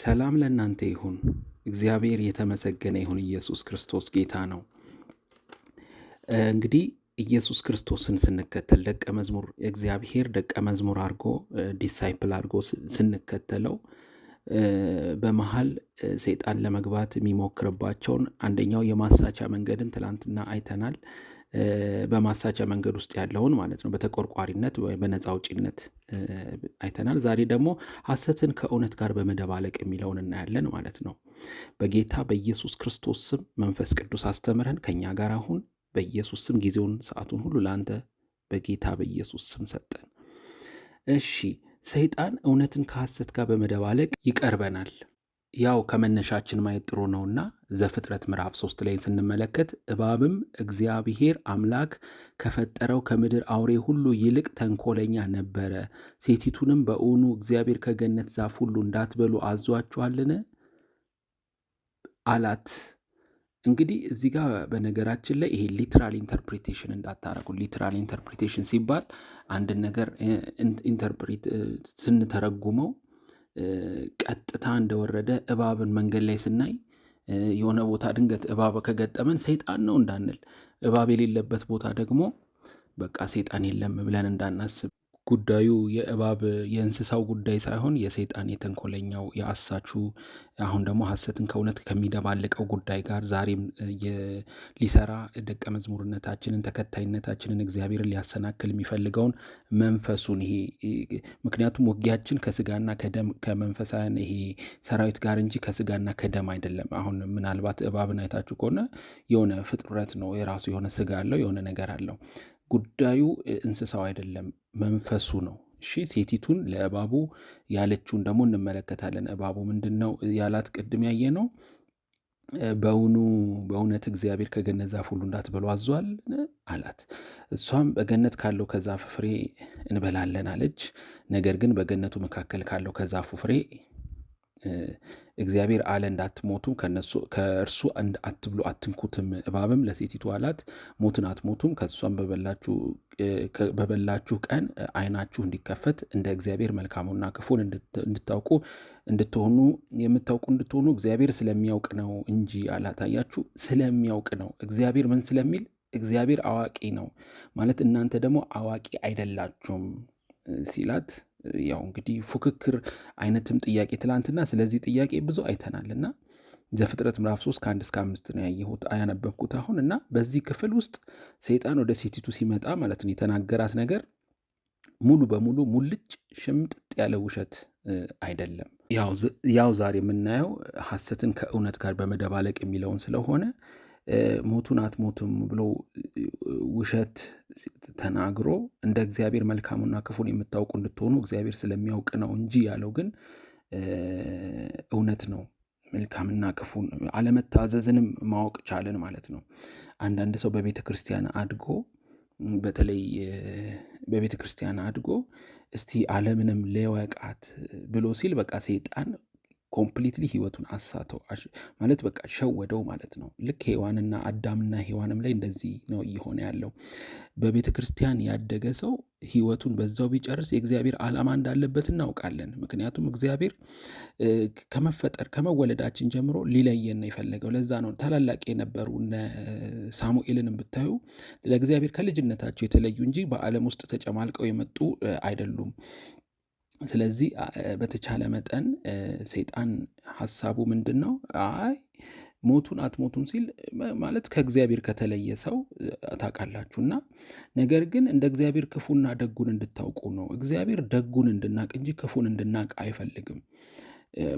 ሰላም ለእናንተ ይሁን። እግዚአብሔር የተመሰገነ ይሁን። ኢየሱስ ክርስቶስ ጌታ ነው። እንግዲህ ኢየሱስ ክርስቶስን ስንከተል ደቀ መዝሙር እግዚአብሔር ደቀ መዝሙር አድርጎ ዲሳይፕል አድርጎ ስንከተለው በመሀል ሰይጣን ለመግባት የሚሞክርባቸውን አንደኛው የማሳቻ መንገድን ትላንትና አይተናል። በማሳቻ መንገድ ውስጥ ያለውን ማለት ነው በተቆርቋሪነት ወይም በነፃ አውጪነት አይተናል። ዛሬ ደግሞ ሐሰትን ከእውነት ጋር በመደባለቅ የሚለውን እናያለን ማለት ነው። በጌታ በኢየሱስ ክርስቶስ ስም መንፈስ ቅዱስ አስተምረን ከእኛ ጋር አሁን በኢየሱስ ስም ጊዜውን ሰዓቱን ሁሉ ለአንተ በጌታ በኢየሱስ ስም ሰጠን። እሺ ሰይጣን እውነትን ከሐሰት ጋር በመደባለቅ ይቀርበናል። ያው ከመነሻችን ማየት ጥሩ ነውና ዘፍጥረት ምዕራፍ ሶስት ላይ ስንመለከት እባብም እግዚአብሔር አምላክ ከፈጠረው ከምድር አውሬ ሁሉ ይልቅ ተንኮለኛ ነበረ። ሴቲቱንም በእውኑ እግዚአብሔር ከገነት ዛፍ ሁሉ እንዳትበሉ አዟችኋልን አላት። እንግዲህ እዚህ ጋር በነገራችን ላይ ይሄ ሊትራል ኢንተርፕሬቴሽን እንዳታረጉ። ሊትራል ኢንተርፕሬቴሽን ሲባል አንድን ነገር ኢንተርፕሬት ስንተረጉመው ቀጥታ እንደወረደ እባብን መንገድ ላይ ስናይ የሆነ ቦታ ድንገት እባብ ከገጠመን ሰይጣን ነው እንዳንል፣ እባብ የሌለበት ቦታ ደግሞ በቃ ሰይጣን የለም ብለን እንዳናስብ ጉዳዩ የእባብ የእንስሳው ጉዳይ ሳይሆን የሰይጣን የተንኮለኛው የአሳቹ አሁን ደግሞ ሀሰትን ከእውነት ከሚደባልቀው ጉዳይ ጋር ዛሬም ሊሰራ ደቀ መዝሙርነታችንን ተከታይነታችንን እግዚአብሔርን ሊያሰናክል የሚፈልገውን መንፈሱን ይሄ ምክንያቱም ውጊያችን ከስጋና ከደም ከመንፈሳን ይሄ ሰራዊት ጋር እንጂ ከስጋና ከደም አይደለም። አሁን ምናልባት እባብን አይታችሁ ከሆነ የሆነ ፍጥረት ነው፣ የራሱ የሆነ ስጋ አለው፣ የሆነ ነገር አለው። ጉዳዩ እንስሳው አይደለም፣ መንፈሱ ነው። እሺ ሴቲቱን ለእባቡ ያለችውን ደግሞ እንመለከታለን። እባቡ ምንድን ነው ያላት? ቅድም ያየ ነው። በውኑ በእውነት እግዚአብሔር ከገነት ዛፍ ሁሉ እንዳትበሉ አዟል አላት። እሷም በገነት ካለው ከዛፍ ፍሬ እንበላለን አለች። ነገር ግን በገነቱ መካከል ካለው ከዛፉ ፍሬ እግዚአብሔር አለ እንዳትሞቱም ከእርሱ አትብሉ አትንኩትም፣ እባብም ለሴቲቱ አላት ሞትን አትሞቱም፣ ከእሷም በበላችሁ ቀን ዓይናችሁ እንዲከፈት እንደ እግዚአብሔር መልካሙና ክፉን እንድታውቁ እንድትሆኑ የምታውቁ እንድትሆኑ እግዚአብሔር ስለሚያውቅ ነው እንጂ አላታያችሁ። ስለሚያውቅ ነው እግዚአብሔር ምን ስለሚል እግዚአብሔር አዋቂ ነው ማለት እናንተ ደግሞ አዋቂ አይደላችሁም ሲላት ያው እንግዲህ ፉክክር አይነትም ጥያቄ ትላንትና ስለዚህ ጥያቄ ብዙ አይተናል እና ዘፍጥረት ምዕራፍ 3 ከአንድ እስከ አምስት ነው ያየሁት አያነበብኩት አሁን እና በዚህ ክፍል ውስጥ ሰይጣን ወደ ሴቲቱ ሲመጣ ማለት ነው የተናገራት ነገር ሙሉ በሙሉ ሙልጭ ሽምጥጥ ያለ ውሸት አይደለም። ያው ዛሬ የምናየው ሐሰትን ከእውነት ጋር በመደባለቅ የሚለውን ስለሆነ ሞቱን አትሞቱም ብሎ ውሸት ተናግሮ እንደ እግዚአብሔር መልካሙና ክፉን የምታውቁ እንድትሆኑ እግዚአብሔር ስለሚያውቅ ነው እንጂ ያለው ግን እውነት ነው። መልካምና ክፉን አለመታዘዝንም ማወቅ ቻለን ማለት ነው። አንዳንድ ሰው በቤተ ክርስቲያን አድጎ በተለይ በቤተ ክርስቲያን አድጎ እስቲ ዓለምንም ልወቃት ብሎ ሲል በቃ ሰይጣን ኮምፕሊትሊ ህይወቱን አሳተው ማለት በቃ ሸወደው ማለት ነው። ልክ ሔዋንና አዳምና ሔዋንም ላይ እንደዚህ ነው እየሆነ ያለው። በቤተ ክርስቲያን ያደገ ሰው ህይወቱን በዛው ቢጨርስ የእግዚአብሔር ዓላማ እንዳለበት እናውቃለን። ምክንያቱም እግዚአብሔር ከመፈጠር ከመወለዳችን ጀምሮ ሊለየን ነው የፈለገው። ለዛ ነው ታላላቅ የነበሩ ሳሙኤልንም ብታዩ ለእግዚአብሔር ከልጅነታቸው የተለዩ እንጂ በዓለም ውስጥ ተጨማልቀው የመጡ አይደሉም። ስለዚህ በተቻለ መጠን ሰይጣን ሀሳቡ ምንድን ነው? አይ ሞቱን አትሞቱም ሲል ማለት ከእግዚአብሔር ከተለየ ሰው ታውቃላችሁ ነገር ግን እንደ እግዚአብሔር ክፉና ደጉን እንድታውቁ ነው። እግዚአብሔር ደጉን እንድናቅ እንጂ ክፉን እንድናቅ አይፈልግም።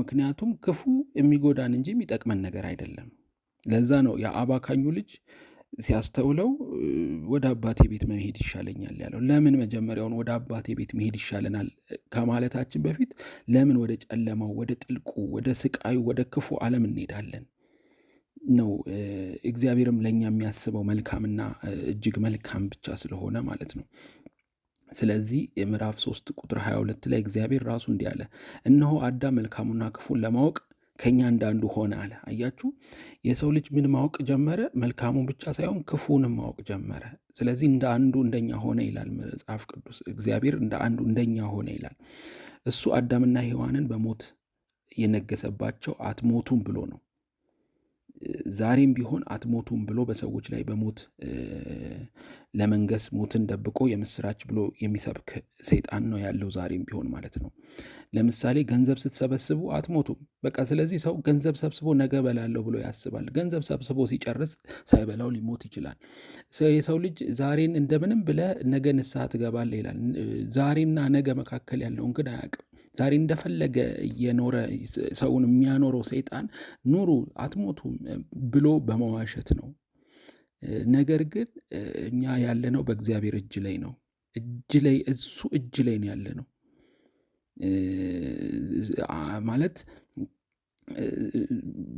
ምክንያቱም ክፉ የሚጎዳን እንጂ የሚጠቅመን ነገር አይደለም። ለዛ ነው የአባካኙ ልጅ ሲያስተውለው ወደ አባቴ ቤት መሄድ ይሻለኛል ያለው ለምን መጀመሪያውን ወደ አባቴ ቤት መሄድ ይሻለናል ከማለታችን በፊት ለምን ወደ ጨለማው፣ ወደ ጥልቁ፣ ወደ ስቃዩ፣ ወደ ክፉ ዓለም እንሄዳለን ነው። እግዚአብሔርም ለእኛ የሚያስበው መልካምና እጅግ መልካም ብቻ ስለሆነ ማለት ነው። ስለዚህ ምዕራፍ 3 ቁጥር 22 ላይ እግዚአብሔር ራሱ እንዲህ አለ፣ እነሆ አዳም መልካሙና ክፉን ለማወቅ ከኛ እንዳንዱ ሆነ አለ። አያችሁ፣ የሰው ልጅ ምን ማወቅ ጀመረ? መልካሙን ብቻ ሳይሆን ክፉንም ማወቅ ጀመረ። ስለዚህ እንደ አንዱ እንደኛ ሆነ ይላል መጽሐፍ ቅዱስ። እግዚአብሔር እንደ አንዱ እንደኛ ሆነ ይላል። እሱ አዳምና ሔዋንን በሞት የነገሰባቸው አትሞቱም ብሎ ነው። ዛሬም ቢሆን አትሞቱም ብሎ በሰዎች ላይ በሞት ለመንገስ ሞትን ደብቆ የምስራች ብሎ የሚሰብክ ሰይጣን ነው ያለው ዛሬም ቢሆን ማለት ነው። ለምሳሌ ገንዘብ ስትሰበስቡ አትሞቱም በቃ። ስለዚህ ሰው ገንዘብ ሰብስቦ ነገ በላለው ብሎ ያስባል። ገንዘብ ሰብስቦ ሲጨርስ ሳይበላው ሊሞት ይችላል። የሰው ልጅ ዛሬን እንደምንም ብለ ነገ ንስሐ ትገባለህ ይላል። ዛሬና ነገ መካከል ያለውን ግን አያውቅም። ዛሬ እንደፈለገ እየኖረ ሰውን የሚያኖረው ሰይጣን ኑሩ አትሞቱም ብሎ በመዋሸት ነው። ነገር ግን እኛ ያለነው በእግዚአብሔር እጅ ላይ ነው። እጅ ላይ እሱ እጅ ላይ ነው ያለነው ማለት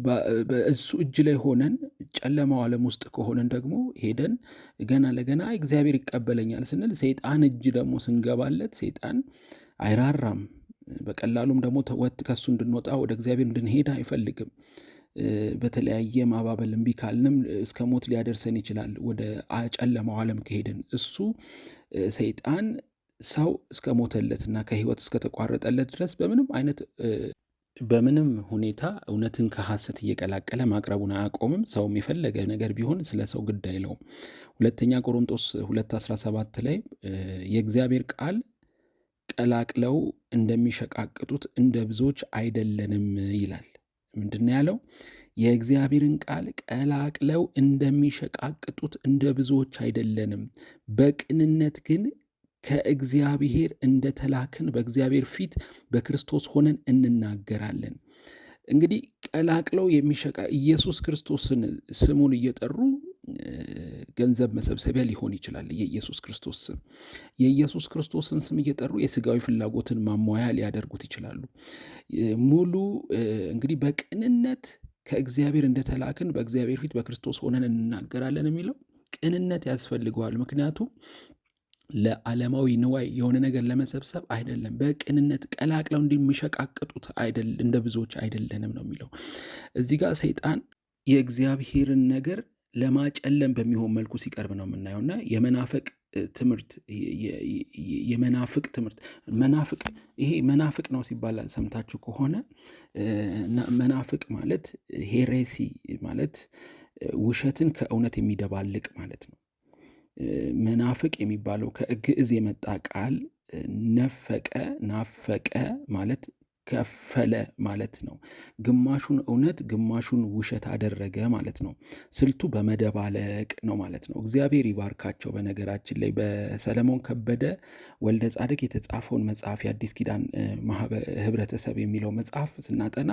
በእሱ እጅ ላይ ሆነን ጨለማው ዓለም ውስጥ ከሆነን ደግሞ ሄደን ገና ለገና እግዚአብሔር ይቀበለኛል ስንል ሰይጣን እጅ ደግሞ ስንገባለት ሰይጣን አይራራም። በቀላሉም ደግሞ ወጥ ከሱ እንድንወጣ ወደ እግዚአብሔር እንድንሄድ አይፈልግም። በተለያየ ማባበል እምቢ ካልንም እስከ ሞት ሊያደርሰን ይችላል። ወደ ጨለማው ዓለም ከሄድን እሱ ሰይጣን ሰው እስከ ሞተለትና ከህይወት እስከተቋረጠለት ድረስ በምንም አይነት በምንም ሁኔታ እውነትን ከሐሰት እየቀላቀለ ማቅረቡን አያቆምም። ሰውም የፈለገ ነገር ቢሆን ስለ ሰው ግድ አይለውም። ሁለተኛ ቆሮንጦስ 2:17 ላይ የእግዚአብሔር ቃል ቀላቅለው እንደሚሸቃቅጡት እንደ ብዙዎች አይደለንም ይላል። ምንድን ያለው? የእግዚአብሔርን ቃል ቀላቅለው እንደሚሸቃቅጡት እንደ ብዙዎች አይደለንም፣ በቅንነት ግን ከእግዚአብሔር እንደተላክን በእግዚአብሔር ፊት በክርስቶስ ሆነን እንናገራለን። እንግዲህ ቀላቅለው የሚሸቃ ኢየሱስ ክርስቶስን ስሙን እየጠሩ ገንዘብ መሰብሰቢያ ሊሆን ይችላል። የኢየሱስ ክርስቶስ ስም የኢየሱስ ክርስቶስን ስም እየጠሩ የስጋዊ ፍላጎትን ማሟያ ሊያደርጉት ይችላሉ። ሙሉ እንግዲህ በቅንነት ከእግዚአብሔር እንደተላክን በእግዚአብሔር ፊት በክርስቶስ ሆነን እንናገራለን የሚለው ቅንነት ያስፈልገዋል። ምክንያቱም ለዓለማዊ ንዋይ የሆነ ነገር ለመሰብሰብ አይደለም። በቅንነት ቀላቅለው እንደሚሸቃቅጡት እንደ ብዙዎች አይደለንም ነው የሚለው። እዚህ ጋር ሰይጣን የእግዚአብሔርን ነገር ለማጨለም በሚሆን መልኩ ሲቀርብ ነው የምናየው እና የመናፈቅ ትምህርት የመናፍቅ ትምህርት መናፍቅ ይሄ መናፍቅ ነው ሲባል ሰምታችሁ ከሆነ መናፍቅ ማለት ሄሬሲ ማለት ውሸትን ከእውነት የሚደባልቅ ማለት ነው። መናፍቅ የሚባለው ከግዕዝ የመጣ ቃል ነፈቀ ናፈቀ ማለት ከፈለ ማለት ነው። ግማሹን እውነት ግማሹን ውሸት አደረገ ማለት ነው። ስልቱ በመደባለቅ ነው ማለት ነው። እግዚአብሔር ይባርካቸው። በነገራችን ላይ በሰለሞን ከበደ ወልደ ጻድቅ የተጻፈውን መጽሐፍ የአዲስ ኪዳን ህብረተሰብ የሚለው መጽሐፍ ስናጠና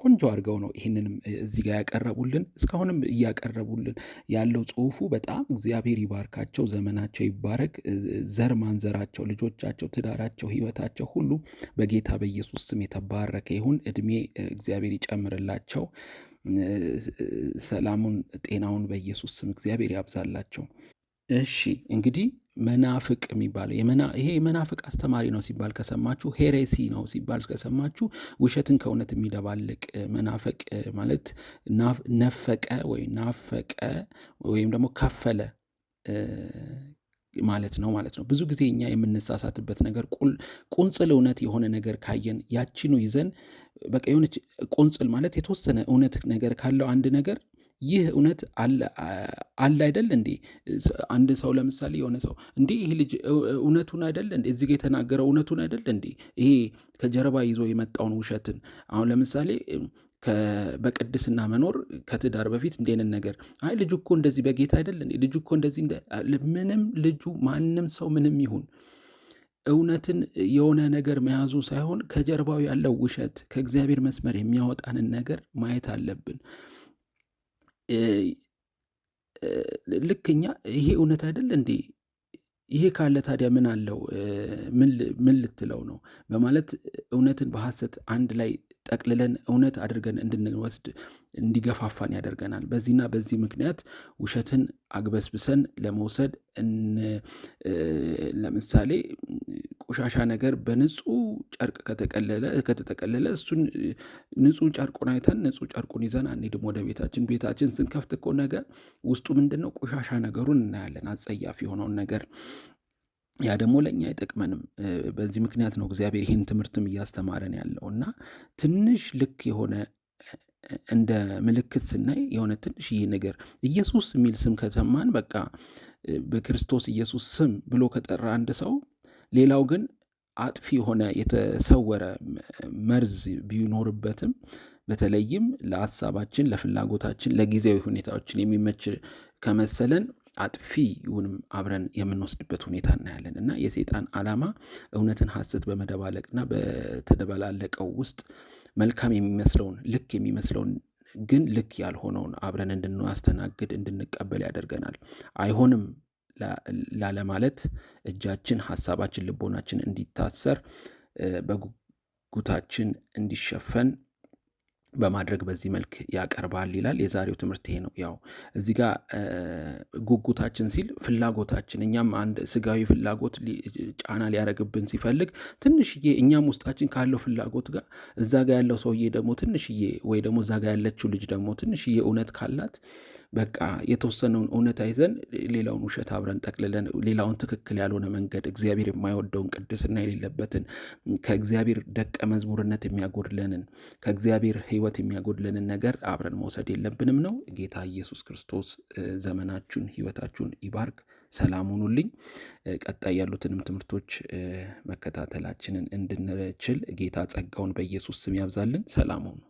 ቆንጆ አድርገው ነው ይህንንም እዚህ ጋር ያቀረቡልን፣ እስካሁንም እያቀረቡልን ያለው ጽሁፉ በጣም እግዚአብሔር ይባርካቸው፣ ዘመናቸው ይባረግ፣ ዘር ማንዘራቸው፣ ልጆቻቸው፣ ትዳራቸው፣ ህይወታቸው ሁሉ በጌታ በኢየሱስ ስም የተባረከ ይሁን። እድሜ እግዚአብሔር ይጨምርላቸው። ሰላሙን፣ ጤናውን በኢየሱስ ስም እግዚአብሔር ያብዛላቸው። እሺ እንግዲህ መናፍቅ የሚባለው ይሄ የመናፍቅ አስተማሪ ነው ሲባል ከሰማችሁ፣ ሄሬሲ ነው ሲባል ከሰማችሁ፣ ውሸትን ከእውነት የሚደባልቅ መናፍቅ ማለት ነፈቀ ወይ ናፈቀ ወይም ደግሞ ከፈለ ማለት ነው ማለት ነው። ብዙ ጊዜ እኛ የምንሳሳትበት ነገር ቁንጽል እውነት የሆነ ነገር ካየን ያቺኑ ይዘን በቃ የሆነች ቁንጽል ማለት የተወሰነ እውነት ነገር ካለው አንድ ነገር ይህ እውነት አለ አይደል እንዴ? አንድ ሰው ለምሳሌ የሆነ ሰው እንዴ ይህ ልጅ እውነቱን አይደል እንዴ እዚህ ጋ የተናገረው እውነቱን አይደል እንዴ? ይሄ ከጀርባ ይዞ የመጣውን ውሸትን አሁን ለምሳሌ በቅድስና መኖር ከትዳር በፊት እንዴንን ነገር አይ ልጁ እኮ እንደዚህ በጌታ አይደል ልጁ እኮ እንደዚህ ምንም ልጁ ማንም ሰው ምንም ይሁን እውነትን የሆነ ነገር መያዙ ሳይሆን ከጀርባው ያለው ውሸት ከእግዚአብሔር መስመር የሚያወጣንን ነገር ማየት አለብን። ልክ እኛ ይሄ እውነት አይደል እንዴ? ይሄ ካለ ታዲያ ምን አለው? ምን ልትለው ነው? በማለት እውነትን በሐሰት አንድ ላይ ጠቅልለን እውነት አድርገን እንድንወስድ እንዲገፋፋን ያደርገናል። በዚህና በዚህ ምክንያት ውሸትን አግበስብሰን ለመውሰድ ለምሳሌ ቆሻሻ ነገር በንጹህ ጨርቅ ከተጠቀለለ እሱን ንጹህ ጨርቁን አይተን ንጹህ ጨርቁን ይዘን አንሄድም ወደ ቤታችን። ቤታችን ስንከፍት እኮ ነገ ውስጡ ምንድን ነው ቆሻሻ ነገሩን እናያለን፣ አጸያፊ የሆነውን ነገር ያ ደግሞ ለእኛ አይጠቅመንም። በዚህ ምክንያት ነው እግዚአብሔር ይህን ትምህርትም እያስተማረን ያለው እና ትንሽ ልክ የሆነ እንደ ምልክት ስናይ የሆነ ይህ ነገር ኢየሱስ የሚል ስም ከተማን በቃ በክርስቶስ ኢየሱስ ስም ብሎ ከጠራ አንድ ሰው ሌላው ግን አጥፊ የሆነ የተሰወረ መርዝ ቢኖርበትም በተለይም ለሀሳባችን፣ ለፍላጎታችን፣ ለጊዜያዊ ሁኔታዎችን የሚመች ከመሰለን አጥፊውንም አብረን የምንወስድበት ሁኔታ እናያለን እና የሴጣን ዓላማ እውነትን ሐሰት በመደባለቅና በተደበላለቀው ውስጥ መልካም የሚመስለውን ልክ የሚመስለውን ግን ልክ ያልሆነውን አብረን እንድናስተናግድ እንድንቀበል ያደርገናል። አይሆንም ላለማለት እጃችን፣ ሀሳባችን፣ ልቦናችን እንዲታሰር በጉታችን እንዲሸፈን በማድረግ በዚህ መልክ ያቀርባል ይላል። የዛሬው ትምህርት ይሄ ነው። ያው እዚህ ጋር ጉጉታችን ሲል ፍላጎታችን፣ እኛም አንድ ስጋዊ ፍላጎት ጫና ሊያደርግብን ሲፈልግ ትንሽዬ እኛም ውስጣችን ካለው ፍላጎት ጋር እዛ ጋር ያለው ሰውዬ ደግሞ ትንሽዬ ወይ ደግሞ እዛ ጋር ያለችው ልጅ ደግሞ ትንሽዬ እውነት ካላት በቃ የተወሰነውን እውነት አይዘን ሌላውን ውሸት አብረን ጠቅልለን ሌላውን ትክክል ያልሆነ መንገድ እግዚአብሔር የማይወደውን ቅድስና የሌለበትን ከእግዚአብሔር ደቀ መዝሙርነት የሚያጎድለንን ከእግዚአብሔር ሕይወት የሚያጎድለንን ነገር አብረን መውሰድ የለብንም ነው። ጌታ ኢየሱስ ክርስቶስ ዘመናችሁን፣ ሕይወታችሁን ይባርክ። ሰላም ሁኑልኝ። ቀጣይ ያሉትንም ትምህርቶች መከታተላችንን እንድንችል ጌታ ጸጋውን በኢየሱስ ስም ያብዛልን። ሰላም ሁኑ።